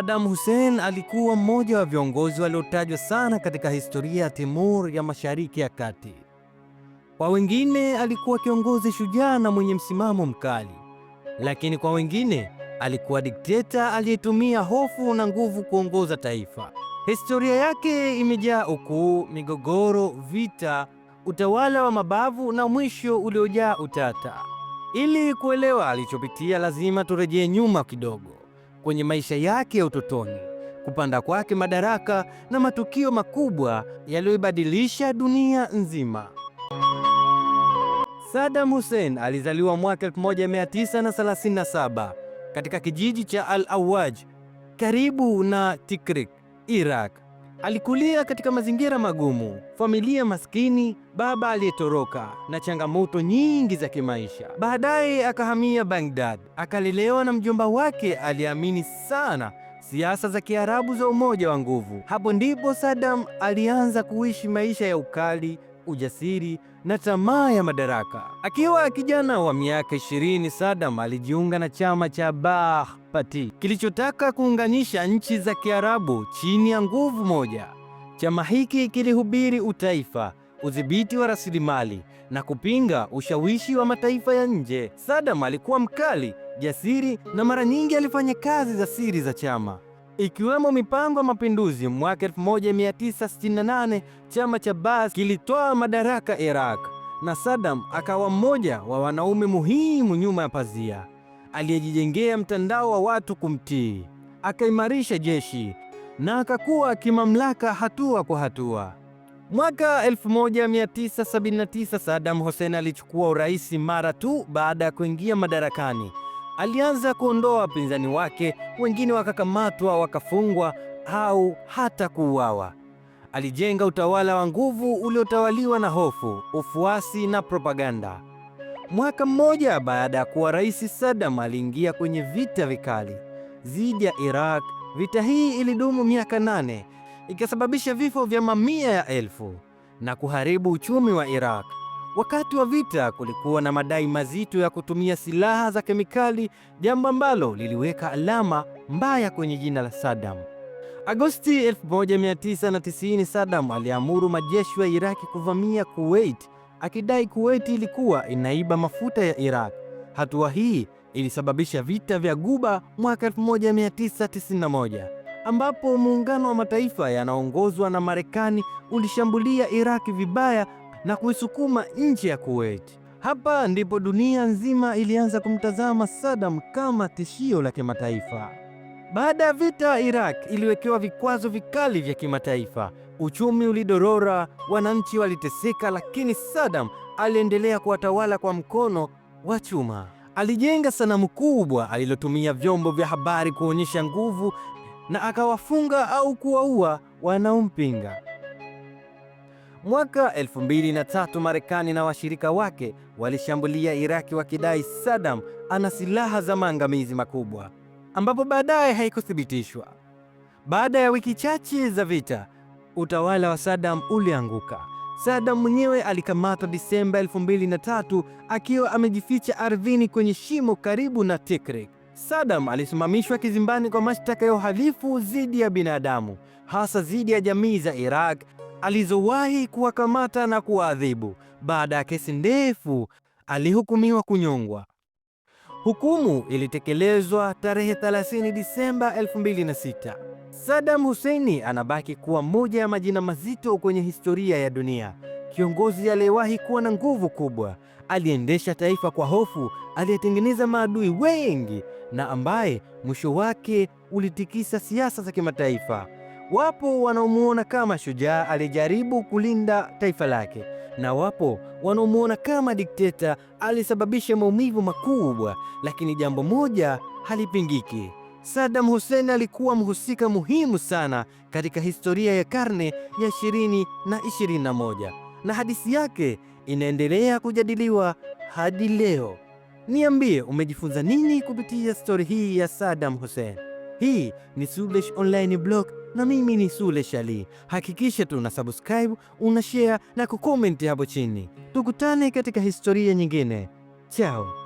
Saddam Hussein alikuwa mmoja wa viongozi waliotajwa sana katika historia ya Timur ya Mashariki ya Kati. Kwa wengine alikuwa kiongozi shujaa na mwenye msimamo mkali, lakini kwa wengine alikuwa dikteta aliyetumia hofu na nguvu kuongoza taifa. Historia yake imejaa ukuu, migogoro, vita, utawala wa mabavu na mwisho uliojaa utata. Ili kuelewa alichopitia, lazima turejee nyuma kidogo kwenye maisha yake ya utotoni, kupanda kwake madaraka na matukio makubwa yaliyoibadilisha dunia nzima. Saddam Hussein alizaliwa mwaka 1937 katika kijiji cha Al-Awaj karibu na Tikrit, Iraq. Alikulia katika mazingira magumu, familia maskini, baba aliyetoroka na changamoto nyingi za kimaisha. Baadaye akahamia Baghdad, akalelewa na mjomba wake aliamini sana siasa za Kiarabu za umoja wa nguvu. Hapo ndipo Saddam alianza kuishi maisha ya ukali ujasiri na tamaa ya madaraka. Akiwa kijana wa miaka 20, Saddam alijiunga na chama cha Ba'ath Party kilichotaka kuunganisha nchi za Kiarabu chini ya nguvu moja. Chama hiki kilihubiri utaifa, udhibiti wa rasilimali na kupinga ushawishi wa mataifa ya nje. Saddam alikuwa mkali, jasiri na mara nyingi alifanya kazi za siri za chama ikiwemo mipango ya mapinduzi. Mwaka 1968 chama cha Baas kilitoa madaraka Iraq, na Saddam akawa mmoja wa wanaume muhimu nyuma ya pazia aliyejijengea mtandao wa watu kumtii, akaimarisha jeshi na akakuwa kimamlaka hatua kwa hatua. Mwaka 1979 Saddam Hussein alichukua urais mara tu baada ya kuingia madarakani alianza kuondoa wapinzani wake, wengine wakakamatwa, wakafungwa au hata kuuawa. Alijenga utawala wa nguvu uliotawaliwa na hofu, ufuasi na propaganda. Mwaka mmoja baada ya kuwa rais, Saddam aliingia kwenye vita vikali dhidi ya Iraq. Vita hii ilidumu miaka nane, ikasababisha vifo vya mamia ya elfu na kuharibu uchumi wa Iraq. Wakati wa vita kulikuwa na madai mazito ya kutumia silaha za kemikali, jambo ambalo liliweka alama mbaya kwenye jina la Saddam. Agosti 1990, Saddam aliamuru majeshi ya Iraki kuvamia Kuwait, akidai Kuwait ilikuwa inaiba mafuta ya Iraq. Hatua hii ilisababisha vita vya guba mwaka 1991, ambapo muungano wa mataifa yanaongozwa na Marekani ulishambulia Iraki vibaya na kuisukuma nje ya Kuwait. Hapa ndipo dunia nzima ilianza kumtazama Saddam kama tishio la kimataifa. Baada ya vita, Iraq iliwekewa vikwazo vikali vya kimataifa. Uchumi ulidorora, wananchi waliteseka, lakini Saddam aliendelea kuwatawala kwa mkono wa chuma. Alijenga sanamu kubwa alilotumia vyombo vya habari kuonyesha nguvu na akawafunga au kuwaua wanaompinga. Mwaka 2003 Marekani na washirika wake walishambulia Iraki wakidai Saddam ana silaha za maangamizi makubwa, ambapo baadaye haikuthibitishwa. Baada ya wiki chache za vita, utawala wa Saddam ulianguka. Saddam mwenyewe alikamatwa Disemba 2003 akiwa amejificha ardhini kwenye shimo karibu na Tikrit. Saddam alisimamishwa kizimbani kwa mashtaka ya uhalifu dhidi ya binadamu, hasa dhidi ya jamii za Iraq alizowahi kuwakamata na kuwaadhibu. Baada ya kesi ndefu, alihukumiwa kunyongwa. Hukumu ilitekelezwa tarehe 30 Disemba 2006. Saddam Hussein anabaki kuwa moja ya majina mazito kwenye historia ya dunia, kiongozi aliyewahi kuwa na nguvu kubwa, aliendesha taifa kwa hofu, aliyetengeneza maadui wengi na ambaye mwisho wake ulitikisa siasa za kimataifa. Wapo wanaomuona kama shujaa alijaribu kulinda taifa lake, na wapo wanaomuona kama dikteta alisababisha maumivu makubwa. Lakini jambo moja halipingiki: Saddam Hussein alikuwa mhusika muhimu sana katika historia ya karne ya 20 na 21, na hadithi yake inaendelea kujadiliwa hadi leo. Niambie, umejifunza nini kupitia stori hii ya Saddam Hussein? Hii ni Sublish Online Blog na mimi ni Sule Shali. Hakikisha tu una subscribe, una share na kukomenti hapo chini. Tukutane katika historia nyingine. Chao.